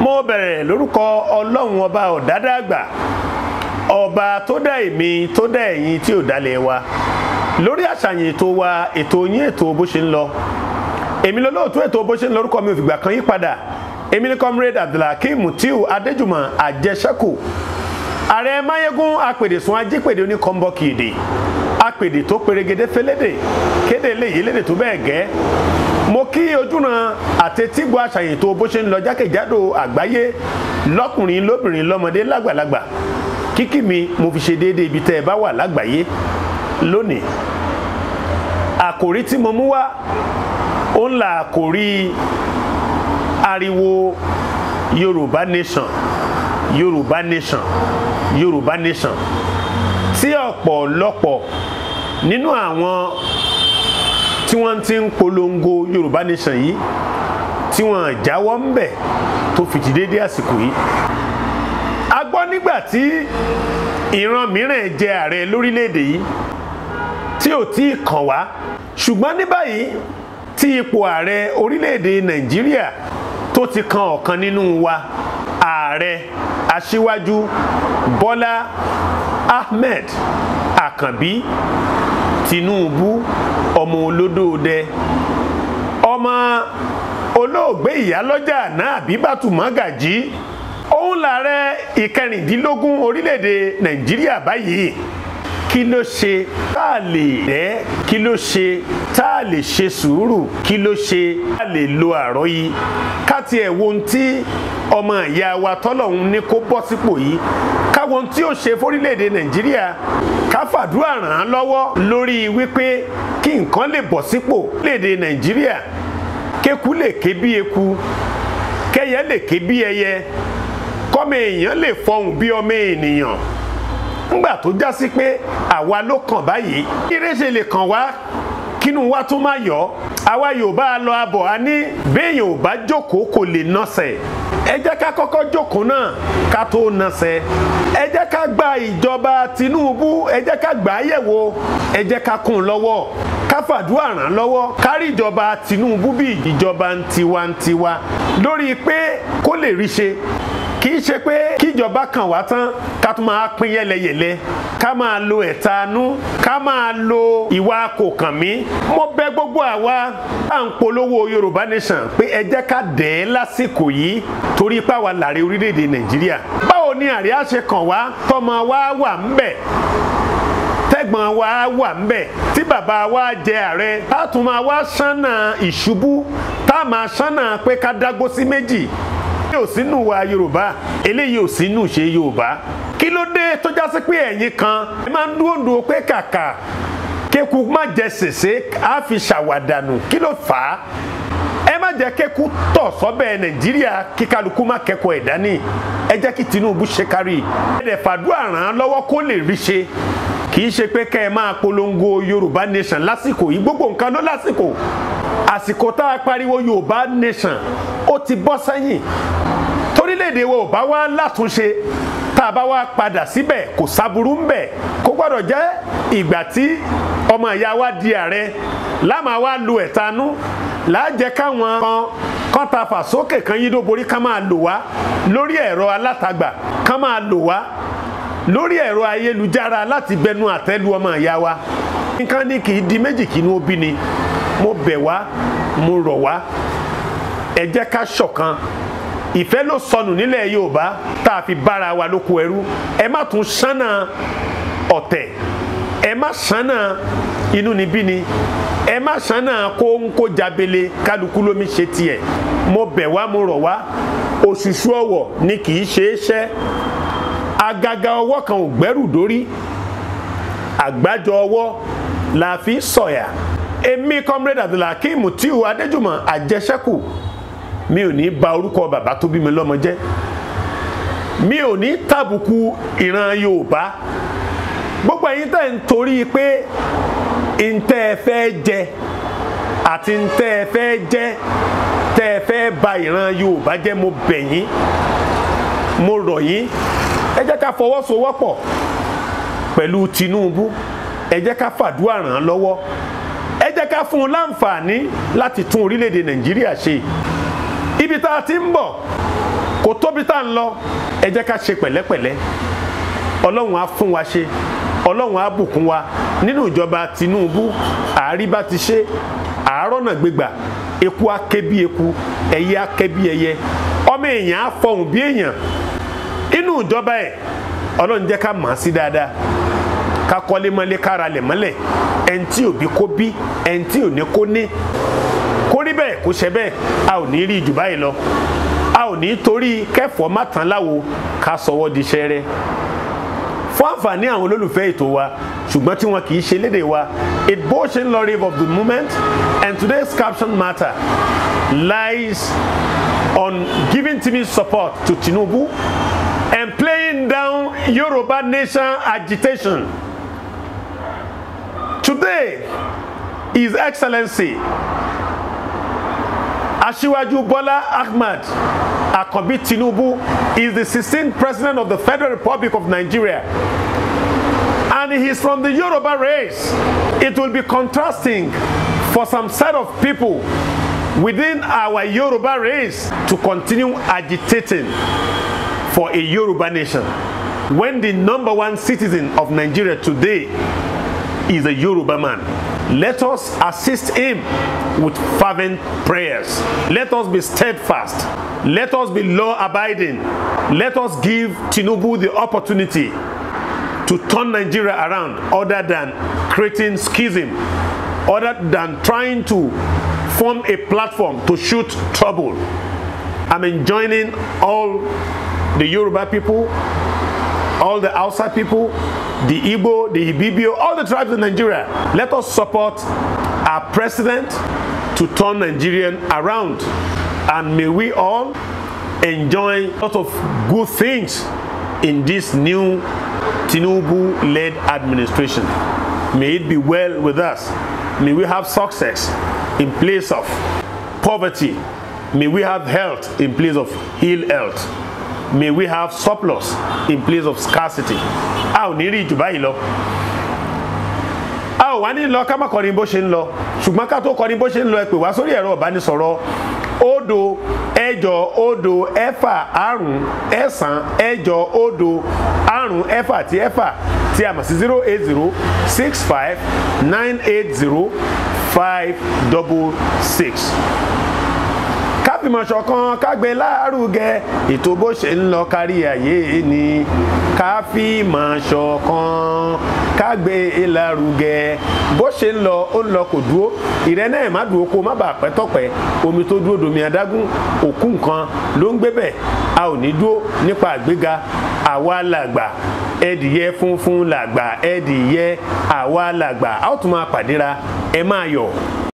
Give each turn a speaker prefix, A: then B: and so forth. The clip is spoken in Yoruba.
A: mo bẹ̀rẹ̀ lórúkọ ọlọ́run ọba ọ̀dádàgbà ọba tó dá èmi tó dá ẹ̀yin tí ò dálẹ̀ wa lórí àṣàyàn ètò wa ètò yín ètò bó ṣe ń lọ èmi lọ́lọ́ọ̀tún ètò bó ṣe ń lórúkọ mi ò fìgbà kan yí padà èmi ni comrade abdulhakeem mutiu adéjùmọ̀ àjẹṣẹ́kù ààrẹ máyégún apèdè ajípèdè oníkọ́ńbọ́kì èdè apèdè tó perégedé félédè kéde léyìí lédè tó bẹ́ẹ̀ gẹ́ mo kí ojúran àtẹtígbọ àṣàyàn tó bó ṣe ń lọ jákèjádò àgbáyé lọ́kùnrin lóbìnrin lọ́mọdé lágbàlagbà kíkí mi mo fi ṣe déédéé ibi tẹ́ ẹ bá wà lágbàáyé lónìí àkòrí tí mo mú wá ó ń la àkòrí ariwo Yorùbá nation Yorùbá nation Yorùbá nation tí ọ̀pọ̀lọpọ̀ nínú àwọn tí wọ́n ti ń polongo Yorùbá nation yìí tí wọ́n jáwọ́ ń bẹ̀ tó fi ti dédé àsìkò yìí. a gbọ́ nígbà tí ìran mìíràn jẹ ààrẹ lórílẹ̀‐èdè yìí tí ò tí ì kàn wá ṣùgbọ́n ní báyìí tí ipò ààrẹ orílẹ̀‐èdè Nàìjíríà tó ti kan ọ̀kan nínú wa ààrẹ aṣíwájú Bọ́lá Ahmed Àkànbí Tinubu ọmọ olódóodẹ ọmọ olóògbé ìyálọ́jà náà Àbíbátù Mágàjí òun lààrẹ ìkẹrìndínlógún orílẹ̀-èdè Nàìjíríà báyìí kí ló ṣe tá a lè rẹ́ kí ló ṣe tá a lè ṣe sùúrù kí ló ṣe tá a lè lo àròyé ká tiẹ̀ wo ohun tí ọmọ ìyá wa tọ́lọ́hún ní kó bọ́ sípò yìí káwọn tí ó ṣe fórílẹ̀-èdè nàìjíríà ká fàdúrà ràn án lọ́wọ́ lórí wípé kí nǹkan lè bọ̀ sípò léde nàìjíríà kéku lè ké bí eku kẹyẹ lè ké bí ẹyẹ kọ́mọ èèyàn lè fọhùn bí ọmọ ènìyàn ńgbà tó já sí pé àwa ló kàn báyìí iréṣe lè kàn wá kínú wa tún má yọ àwa yorùbá lọ abọ̀ a ní béèyàn ò bá jókòó kò lè nọsẹ̀. ẹ jẹ́ ká kọ́kọ́ jókòó náà ká gba ìjọba Tinubu ẹ jẹ́ ká gbà á yẹ̀wò ẹ jẹ́ ká kún un lọ́wọ́ ká Tinubu bí ìjọba ń tiwantiwa lórí pé kó lè kì í ṣe pé kíjọba kàn wá tán ká tún máa pín yẹlẹyẹlẹ ká máa lo ẹ̀tanú ká máa lo ìwà kò kàn mí mo bẹ̀ gbogbo àwa à ń polówó Yorùbá Nation pé ẹ jẹ́ ká dẹ̀ ẹ́ lásìkò yìí torí ipá wa làrẹ orílẹ̀-èdè Nàìjíríà báwo ni àríyá ṣe kàn wá tọmọ wa wà ń bẹ̀ tẹ́gbọ̀n wa wà ń bẹ̀ tí bàbá wa jẹ ààrẹ tá tún máa wá sánà ìṣubú tá máa sánà pé ká dágbó sí méjì eléyìí ò sínú wa yorùbá eléyìí ò sínú ṣe yorùbá kí ló dé tó já sí pé ẹ̀yin kan ẹ máa ń dúró dúró pé kàkà kéku má jẹ sèse á fi ṣàwàdànù kí ló fà á ẹ má jẹ́ kẹ́kú tọ̀ sọ́bẹ̀ nàìjíríà kí kálukú má kẹ́kọ̀ọ́ ẹ̀ dání ẹ jẹ́ kí tinubu ṣe kárí ẹ dẹ̀ fàdúrà ràn án lọ́wọ́ kó lè rí ṣe kì í ṣe pé kẹ́ ẹ máa polongo yorùbá nation lásìkò yìí gbogbo nǹkan ló lásìkò àsìkò tá a pariwo yorùbá nation ó ti bọ́ sẹ́yìn torílẹ̀-èdè wa ò bá wá látúnṣe tá a bá wá padà síbẹ̀ kò sábúrú ń bẹ̀ kó gbọ́dọ̀ jẹ́ ìgbà tí ọmọ ìyá wa di ààrẹ láàmà wa lu ẹ̀tanú láàjẹ́ káwọn kan kan ta fà sókè kan yídó borí ká máa lò wá lórí ẹ̀rọ alátagbà ká máa lò wá lórí ẹ̀rọ ayélujára láti bẹnu àtẹ́lu ọmọ ìyá wa nǹkan ní kì í di méjì kí inú ó ni mo bẹ̀ wá mo rọ̀ wá ẹ jẹ́ ká ṣọ̀kan ìfẹ́ ló sọnù nílẹ̀ Yorùbá tá a fi bára wa lóko ẹrú ẹ má tún sánà ọ̀tẹ̀ ẹ má sánà inú níbí ni ẹ má sánà kó ń kó jábele kálukú lómi ṣe tiẹ̀ mo bẹ̀ wá mo rọ̀ wá òṣùṣù ọwọ̀ ni kì í ṣe é ṣẹ́ agaga ọwọ́ kan ò gbẹ́rù dórí àgbájọ ọwọ́ la fi sọ̀yà èmi comrade Abdulhakeem Mutiu Adéjùmọ̀ àjẹsẹ́kù mi ò ní ba orúkọ bàbá tó bí mi lọ́mọ jẹ́ mi ò ní tàbùkù ìran Yorùbá gbogbo ẹ̀yin tẹ́ ń torí pé ntẹ́ ẹ fẹ́ jẹ àti ntẹ́ ẹ fẹ́ jẹ tẹ́ ẹ fẹ́ ba ìran Yorùbá jẹ́ mo bẹ̀ yín mo rọ̀ yín ẹ jẹ́ ká fọwọ́sowọ́pọ̀ pẹ̀lú Tinubu ẹ jẹ́ ká fàdúrà ràn án lọ́wọ́ ẹ jẹ́ ká fún un láǹfààní láti tún orílẹ̀-èdè Nàìjíríà ṣe ibi tá a ti ń bọ̀ kò tóbi tá ń lọ ẹ jẹ́ ká ṣe pẹ̀lẹ́pẹ̀lẹ́ ọlọ́run á fún wa ṣe ọlọ́run á bùkún wa nínú ìjọba Tinubu àárí bá ti ṣe àárọ̀ náà gbégbà eku á bí eku ẹyẹ á ké bí ẹyẹ ọmọ èèyàn á fọhùn bí èèyàn inú ìjọba ẹ ọlọ́run jẹ́ ká mọ̀ ọ́n sí dáadáa ká kọ́lé mọ́lé ká ralẹ̀ mọ́lẹ̀ ẹni tí òbí kó bí ẹni tí òní kó ní kó rí bẹ́ẹ̀ kó ṣe bẹ́ẹ̀ a ò ní rí jù báyìí lọ a ò ní torí kẹ́fọ̀ọ́ má láwo ká sọwọ́ di ṣẹ́rẹ́ fún àǹfààní àwọn olólùfẹ́ ètò wa ṣùgbọ́n tí wọn kì í ṣe lédè wa it both in lorry of the moment and today's caption matter lies on giving Timi support to Tinubu and playing down Yoruba nation agitation. Today, His Excellency aṣíwájú bọ́lá ahmed akànbí tinubu is the 16th president of the federal republic of nigeria and he is from the yoruba race it will be contrasting for some set of people within our yoruba race to continue agitating for a yoruba nation when the number one citizen of nigeria today is a yoruba man Let us assist him with fervent prayers. Let us be steadfast. Let us be law abiding. Let us give Tinubu the opportunity to turn Nigeria around other than creating schism, other than trying to form a platform to shoot trouble. I'm enjoining all the Yoruba people all the outside people, the Igbo, the Ibibio, all the tribes in Nigeria. Let us support our president to turn Nigerian around. And may we all enjoy a lot of good things in this new Tinubu-led administration. May it be well with us. May we have success in place of poverty. May we have health in place of ill health. may we have surplus in place of scarcity a ò ní rí ìjù báyìí lọ a ò wá ní lọ ká má kọrin bó ṣe ń lọ ṣùgbọ́n ká tó kọrin bó ṣe ń lọ ẹ pè wá sórí ẹ̀rọ ìbánisọ̀rọ̀ òdo ẹ̀jọ òdo ẹ̀fà àrún ẹ̀sán ẹ̀jọ òdo àrún ẹ̀fà àti ẹ̀fà tí a sí zero eight zero six five nine eight zero five double six fìmọ̀ ṣọ̀kan kágbé lárugẹ ètò bó ṣe ń lọ kárí ayé ni ká fìmọ̀ ṣọ̀kan kágbé lárugẹ bó ṣe ń lọ ó ń lọ kò dúró ìrẹ́ náà má dúró kó má bàa pẹ́ tọ̀pẹ́ omi tó dúró domi adágún òkú nǹkan ló ń gbé bẹ̀ a ò ní dúró nípa àgbéga àwa làgbà ẹdìyẹ funfun làgbà ẹdìyẹ àwa làgbà a ó tún máa pàdéra ẹ máa yọ̀.